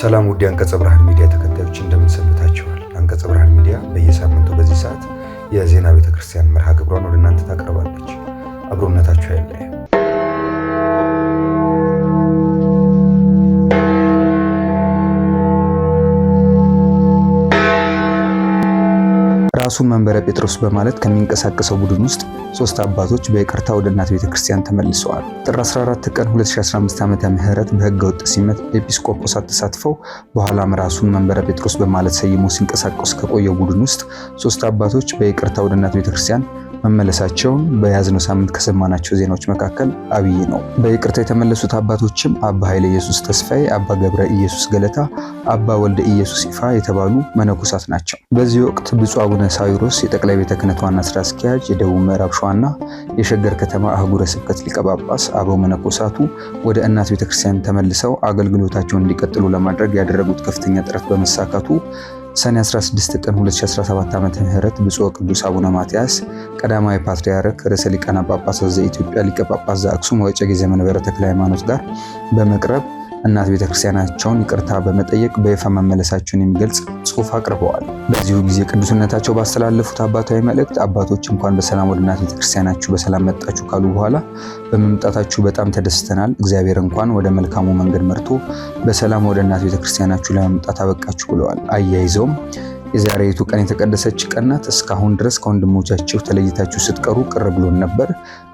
ሰላም ውድ አንቀጸ ብርሃን ሚዲያ ተከታዮች እንደምን ሰንብታችኋል? አንቀጸ ብርሃን ሚዲያ በየሳምንቱ በዚህ ሰዓት የዜና ቤተክርስቲያን መርሃ ግብሯን ወደ እናንተ ታቀርባለች። አብሮነታችሁ ያለ ራሱን መንበረ ጴጥሮስ በማለት ከሚንቀሳቀሰው ቡድን ውስጥ ሶስት አባቶች በይቅርታ ወደ እናት ቤተ ክርስቲያን ተመልሰዋል። ጥር 14 ቀን 2015 ዓ ም በህገ ወጥ ሲመት ኤጲስቆጶሳት ተሳትፈው በኋላም ራሱን መንበረ ጴጥሮስ በማለት ሰይሞ ሲንቀሳቀሱ ከቆየው ቡድን ውስጥ ሶስት አባቶች በይቅርታ ወደ እናት ቤተ ክርስቲያን መመለሳቸውን በያዝነው ሳምንት ከሰማናቸው ዜናዎች መካከል አብይ ነው። በይቅርታ የተመለሱት አባቶችም አባ ኃይለ ኢየሱስ ተስፋዬ፣ አባ ገብረ ኢየሱስ ገለታ፣ አባ ወልደ ኢየሱስ ይፋ የተባሉ መነኮሳት ናቸው። በዚህ ወቅት ብፁዕ አቡነ ሳዊሮስ የጠቅላይ ቤተ ክህነት ዋና ስራ አስኪያጅ፣ የደቡብ ምዕራብ ሸዋና የሸገር ከተማ አህጉረ ስብከት ሊቀ ጳጳስ አበው መነኮሳቱ ወደ እናት ቤተ ክርስቲያን ተመልሰው አገልግሎታቸውን እንዲቀጥሉ ለማድረግ ያደረጉት ከፍተኛ ጥረት በመሳካቱ ሰኔ 16 ቀን 2017 ዓ ምህረት ብፁዕ ቅዱስ አቡነ ማትያስ ቀዳማዊ ፓትርያርክ ርዕሰ ሊቃነ ጳጳሳት ዘኢትዮጵያ ሊቀ ጳጳስ ዘአክሱም ወእጨጌ ዘመንበረ ተክለ ሃይማኖት ጋር በመቅረብ እናት ቤተክርስቲያናቸውን ይቅርታ በመጠየቅ በይፋ መመለሳቸውን የሚገልጽ ጽሑፍ አቅርበዋል። በዚሁ ጊዜ ቅዱስነታቸው ባስተላለፉት አባታዊ መልእክት አባቶች እንኳን በሰላም ወደ እናት ቤተክርስቲያናችሁ በሰላም መጣችሁ ካሉ በኋላ በመምጣታችሁ በጣም ተደስተናል። እግዚአብሔር እንኳን ወደ መልካሙ መንገድ መርቶ በሰላም ወደ እናት ቤተክርስቲያናችሁ ለመምጣት አበቃችሁ ብለዋል። አያይዘውም የዛሬቱ ቀን የተቀደሰች ቀን ናት። እስካሁን ድረስ ከወንድሞቻችሁ ተለይታችሁ ስትቀሩ ቅር ብሎን ነበር።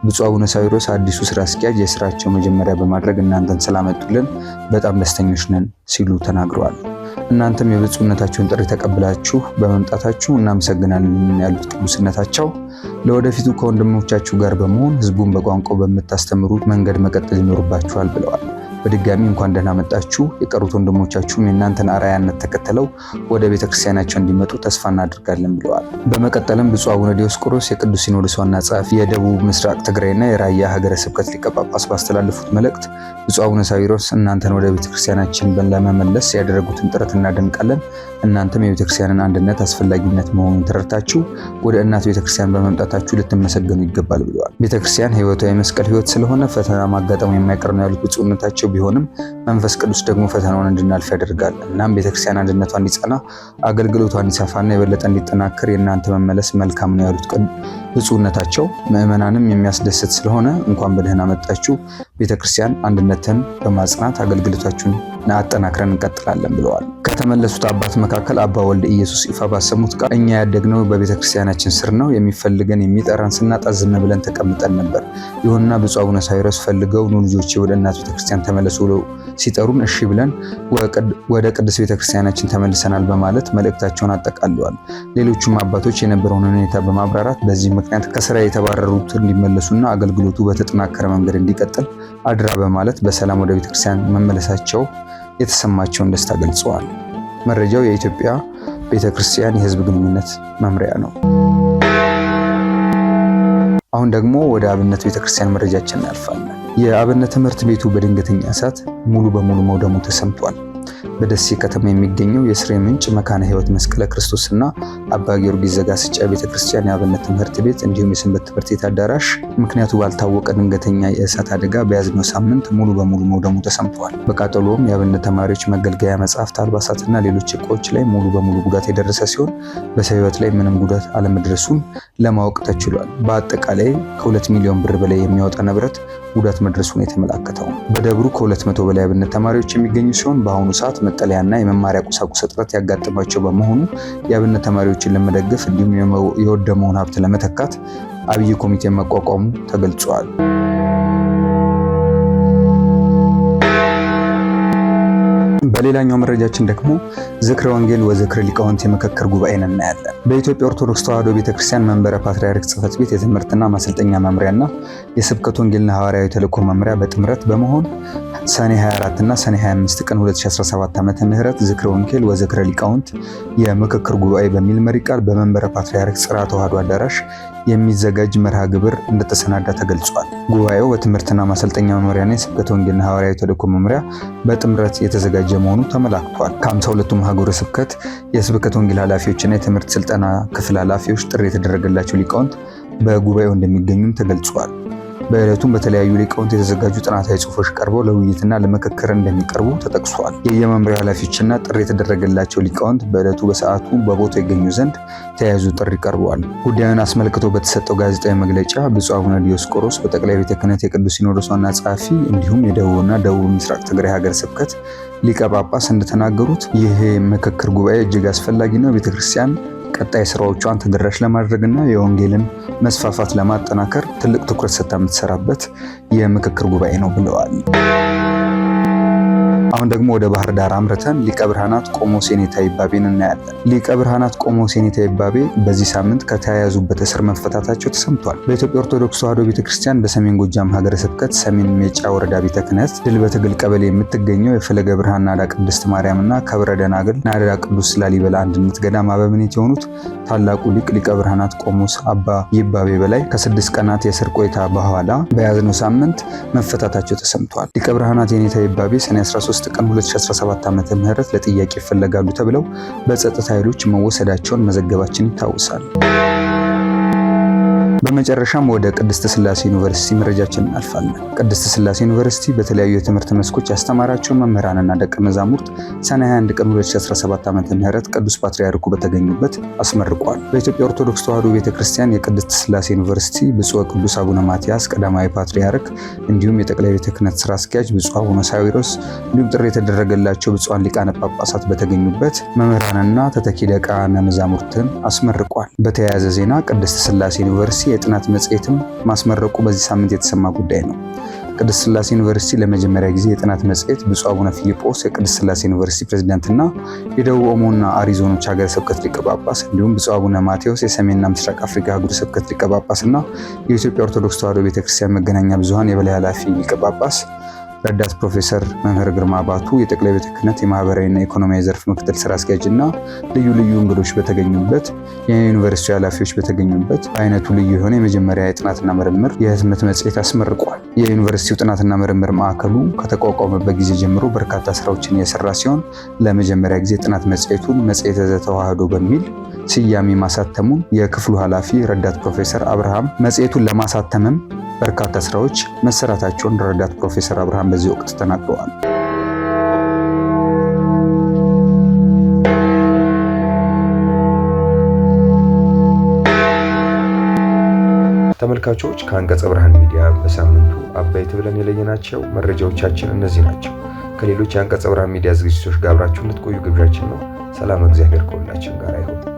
ብፁዕ አቡነ ሳዊሮስ አዲሱ ስራ አስኪያጅ የስራቸው መጀመሪያ በማድረግ እናንተን ስላመጡልን በጣም ደስተኞች ነን ሲሉ ተናግረዋል። እናንተም የብፁዕነታችሁን ጥሪ ተቀብላችሁ በመምጣታችሁ እናመሰግናለን ያሉት ቅዱስነታቸው ለወደፊቱ ከወንድሞቻችሁ ጋር በመሆን ህዝቡን በቋንቋው በምታስተምሩት መንገድ መቀጠል ይኖርባችኋል ብለዋል። በድጋሚ እንኳን ደህና መጣችሁ። የቀሩት ወንድሞቻችሁም የእናንተን አርአያነት ተከትለው ወደ ቤተ ክርስቲያናቸው እንዲመጡ ተስፋ እናደርጋለን ብለዋል። በመቀጠልም ብፁዕ አቡነ ዲዮስቆሮስ የቅዱስ ሲኖዶስ ዋና ጸሐፊ፣ የደቡብ ምስራቅ ትግራይና የራያ ሀገረ ስብከት ሊቀ ጳጳስ ባስተላለፉት መልእክት ብፁዕ አቡነ ሳዊሮስ እናንተን ወደ ቤተ ክርስቲያናችን ለመመለስ ያደረጉትን ጥረት እናደንቃለን። እናንተም የቤተ ክርስቲያንን አንድነት አስፈላጊነት መሆኑን ተረድታችሁ ወደ እናት ቤተ ክርስቲያን በመምጣታችሁ ልትመሰገኑ ይገባል ብለዋል። ቤተ ክርስቲያን ሕይወቷ የመስቀል ህይወት ስለሆነ ፈተና ማጋጠሙ የማይቀር ነው ያሉት ብፁዕነታቸው ቢሆንም መንፈስ ቅዱስ ደግሞ ፈተናውን እንድናልፍ ያደርጋል። እናም ቤተክርስቲያን አንድነቷ እንዲጸና፣ አገልግሎቷ እንዲሰፋና የበለጠ እንዲጠናከር የእናንተ መመለስ መልካም ነው ያሉት ብፁዕነታቸው ምዕመናንም የሚያስደስት ስለሆነ እንኳን በደህና መጣችሁ፣ ቤተክርስቲያን አንድነትን በማጽናት አገልግሎታችሁን አጠናክረን እንቀጥላለን ብለዋል። ከተመለሱት አባት መካከል አባ ወልደ ኢየሱስ ይፋ ባሰሙት ቃል እኛ ያደግነው በቤተ ክርስቲያናችን ስር ነው። የሚፈልገን የሚጠራን ስናጣ ዝም ብለን ተቀምጠን ነበር። ይሁንና ብፁዕ አቡነ ሳይረስ ፈልገው ኑ ልጆች ወደ እናት ቤተ ክርስቲያን ተመለሱ ብለው ሲጠሩን እሺ ብለን ወደ ቅድስት ቤተ ክርስቲያናችን ተመልሰናል በማለት መልእክታቸውን አጠቃለዋል። ሌሎቹም አባቶች የነበረውን ሁኔታ በማብራራት በዚህ ምክንያት ከስራ የተባረሩት እንዲመለሱና አገልግሎቱ በተጠናከረ መንገድ እንዲቀጥል አድራ በማለት በሰላም ወደ ቤተክርስቲያን መመለሳቸው የተሰማቸውን ደስታ ገልጸዋል። መረጃው የኢትዮጵያ ቤተ ክርስቲያን የሕዝብ ግንኙነት መምሪያ ነው። አሁን ደግሞ ወደ አብነት ቤተ ክርስቲያን መረጃችን ያልፋል። የአብነት ትምህርት ቤቱ በድንገተኛ እሳት ሙሉ በሙሉ መውደሙ ተሰምቷል። በደሴ ከተማ የሚገኘው የስሬ ምንጭ መካነ ህይወት መስቀለ ክርስቶስና አባ ጊዮርጊስ ዘጋስጫ ቤተክርስቲያን የአብነት ትምህርት ቤት እንዲሁም የሰንበት ትምህርት ቤት አዳራሽ ምክንያቱ ባልታወቀ ድንገተኛ የእሳት አደጋ በያዝነው ሳምንት ሙሉ በሙሉ መውደሙ ተሰምተዋል። በቃጠሎም የአብነት ተማሪዎች መገልገያ መጽሐፍት፣ አልባሳትና ሌሎች እቃዎች ላይ ሙሉ በሙሉ ጉዳት የደረሰ ሲሆን በሰው ህይወት ላይ ምንም ጉዳት አለመድረሱን ለማወቅ ተችሏል። በአጠቃላይ ከ2 ሚሊዮን ብር በላይ የሚያወጣ ንብረት ጉዳት መድረሱን የተመላከተው በደብሩ ከ200 በላይ አብነት ተማሪዎች የሚገኙ ሲሆን በአሁኑ ሰዓት መጠለያና የመማሪያ ቁሳቁስ እጥረት ያጋጠማቸው በመሆኑ የአብነት ተማሪዎችን ለመደገፍ እንዲሁም የወደመውን ሀብት ለመተካት አብይ ኮሚቴ መቋቋሙ ተገልጿል። በሌላኛው መረጃችን ደግሞ ዝክረ ወንጌል ወዝክር ሊቃውንት የምክክር ጉባኤን እናያለን። በኢትዮጵያ ኦርቶዶክስ ተዋሕዶ ቤተክርስቲያን መንበረ ፓትርያርክ ጽሕፈት ቤት የትምህርትና ማሰልጠኛ መምሪያና የስብከት ወንጌልና ሐዋርያዊ ተልእኮ መምሪያ በጥምረት በመሆን ሰኔ 24 እና ሰኔ 25 ቀን 2017 ዓ ም ዝክረ ወንጌል ወዝክረ ሊቃውንት የምክክር ጉባኤ በሚል መሪ ቃል በመንበረ ፓትርያርክ ጽርሐ ተዋሕዶ አዳራሽ የሚዘጋጅ መርሃ ግብር እንደተሰናዳ ተገልጿል። ጉባኤው በትምህርትና ማሰልጠኛ መምሪያና የስብከተ ወንጌልና ሐዋርያዊ ተልእኮ መምሪያ በጥምረት የተዘጋጀ መሆኑ ተመላክቷል። ከ52ቱም ሀገረ ስብከት የስብከተ ወንጌል ኃላፊዎችና የትምህርት ስልጠና ክፍል ኃላፊዎች ጥሪ የተደረገላቸው ሊቃውንት በጉባኤው እንደሚገኙም ተገልጿል። በዕለቱም በተለያዩ ሊቃውንት የተዘጋጁ ጥናታዊ ጽሁፎች ቀርበው ለውይይትና ለምክክር እንደሚቀርቡ ተጠቅሷል። የየመምሪያ ኃላፊዎችና ጥሪ የተደረገላቸው ሊቃውንት በዕለቱ በሰዓቱ በቦታው ይገኙ ዘንድ ተያያዙ ጥሪ ቀርበዋል። ጉዳዩን አስመልክቶ በተሰጠው ጋዜጣዊ መግለጫ ብፁዕ አቡነ ዲዮስቆሮስ በጠቅላይ ቤተ ክህነት የቅዱስ ሲኖዶስ ዋና ጸሐፊ እንዲሁም የደቡብና ደቡብ ምስራቅ ትግራይ ሀገረ ስብከት ሊቀ ጳጳስ እንደተናገሩት ይህ ምክክር ጉባኤ እጅግ አስፈላጊ ነው። ቤተክርስቲያን ቀጣይ ስራዎቿን ተደራሽ ለማድረግና የወንጌልን መስፋፋት ለማጠናከር ትልቅ ትኩረት ሰጥታ የምትሰራበት የምክክር ጉባኤ ነው ብለዋል። አሁን ደግሞ ወደ ባህር ዳር አምርተን ሊቀ ብርሃናት ቆሞስ የኔታ ይባቤን እናያለን። ሊቀ ብርሃናት ቆሞስ የኔታ ይባቤ በዚህ ሳምንት ከተያያዙበት እስር መፈታታቸው ተሰምቷል። በኢትዮጵያ ኦርቶዶክስ ተዋሕዶ ቤተክርስቲያን በሰሜን ጎጃም ሀገረ ስብከት ሰሜን ሜጫ ወረዳ ቤተ ክህነት ድል በትግል ቀበሌ የምትገኘው የፈለገ ብርሃን ናዳ ቅድስት ማርያምና ከብረ ደናግል ናዳ ቅዱስ ላሊበላ አንድነት ገዳም አበምኔት የሆኑት ታላቁ ሊቅ ሊቀ ብርሃናት ቆሞስ አባ ይባቤ በላይ ከስድስት ቀናት የእስር ቆይታ በኋላ በያዝነው ሳምንት መፈታታቸው ተሰምቷል። ሊቀ ብርሃናት የኔታ ይባቤ ሰኔ 13 26 ቀን 2017 ዓ ም ለጥያቄ ይፈለጋሉ ተብለው በጸጥታ ኃይሎች መወሰዳቸውን መዘገባችን ይታወሳል። በመጨረሻም ወደ ቅድስተ ስላሴ ዩኒቨርሲቲ መረጃችን እናልፋለን። ቅድስተ ስላሴ ዩኒቨርሲቲ በተለያዩ የትምህርት መስኮች ያስተማራቸው መምህራንና ደቀ መዛሙርት ሰኔ 21 ቀን 2017 ዓ ም ቅዱስ ፓትርያርኩ በተገኙበት አስመርቋል። በኢትዮጵያ ኦርቶዶክስ ተዋህዶ ቤተክርስቲያን የቅድስተ የቅድስት ስላሴ ዩኒቨርሲቲ ብፁዕ ቅዱስ አቡነ ማትያስ ቀዳማዊ ፓትርያርክ እንዲሁም የጠቅላይ ቤተ ክህነት ስራ አስኪያጅ ብፁዕ አቡነ ሳዊሮስ እንዲሁም ጥሪ የተደረገላቸው ብፁዓን ሊቃነ ጳጳሳት በተገኙበት መምህራንና ተተኪ ደቀ መዛሙርትን አስመርቋል። በተያያዘ ዜና ቅድስተ ስላሴ ዩኒቨርሲቲ የጥናት መጽሔትም ማስመረቁ በዚህ ሳምንት የተሰማ ጉዳይ ነው። ቅድስት ስላሴ ዩኒቨርሲቲ ለመጀመሪያ ጊዜ የጥናት መጽሔት ብፁዕ አቡነ ፊልጶስ የቅድስት ስላሴ ዩኒቨርሲቲ ፕሬዝዳንትና የደቡብ ኦሞና አሪዞኖች ሀገረ ስብከት ሊቀ ጳጳስ እንዲሁም ብፁዕ አቡነ ማቴዎስ የሰሜንና ምስራቅ አፍሪካ ሀገረ ስብከት ሊቀ ጳጳስና የኢትዮጵያ ኦርቶዶክስ ተዋሕዶ ቤተክርስቲያን መገናኛ ብዙሀን የበላይ ኃላፊ ሊቀ ጳጳስ ረዳት ፕሮፌሰር መምህር ግርማ አባቱ የጠቅላይ ቤተ ክህነት የማህበራዊና ኢኮኖሚያዊ ዘርፍ ምክትል ስራ አስኪያጅ እና ልዩ ልዩ እንግዶች በተገኙበት የዩኒቨርሲቲ ኃላፊዎች በተገኙበት በአይነቱ ልዩ የሆነ የመጀመሪያ የጥናትና ምርምር የህትመት መጽሔት አስመርቋል። የዩኒቨርሲቲው ጥናትና ምርምር ማዕከሉ ከተቋቋመበት ጊዜ ጀምሮ በርካታ ስራዎችን የሰራ ሲሆን ለመጀመሪያ ጊዜ ጥናት መጽሔቱን መጽሔተ ዘተዋህዶ በሚል ስያሜ ማሳተሙን የክፍሉ ኃላፊ ረዳት ፕሮፌሰር አብርሃም መጽሔቱን ለማሳተምም በርካታ ስራዎች መሰራታቸውን ረዳት ፕሮፌሰር አብርሃም በዚህ ወቅት ተናግረዋል። ተመልካቾች ከአንቀጸ ብርሃን ሚዲያ በሳምንቱ አበይት ብለን የለየናቸው መረጃዎቻችን እነዚህ ናቸው። ከሌሎች የአንቀጸ ብርሃን ሚዲያ ዝግጅቶች ጋር አብራችሁ እንድትቆዩ ግብዣችን ነው። ሰላም፣ እግዚአብሔር ከሁላችን ጋር ይሁን።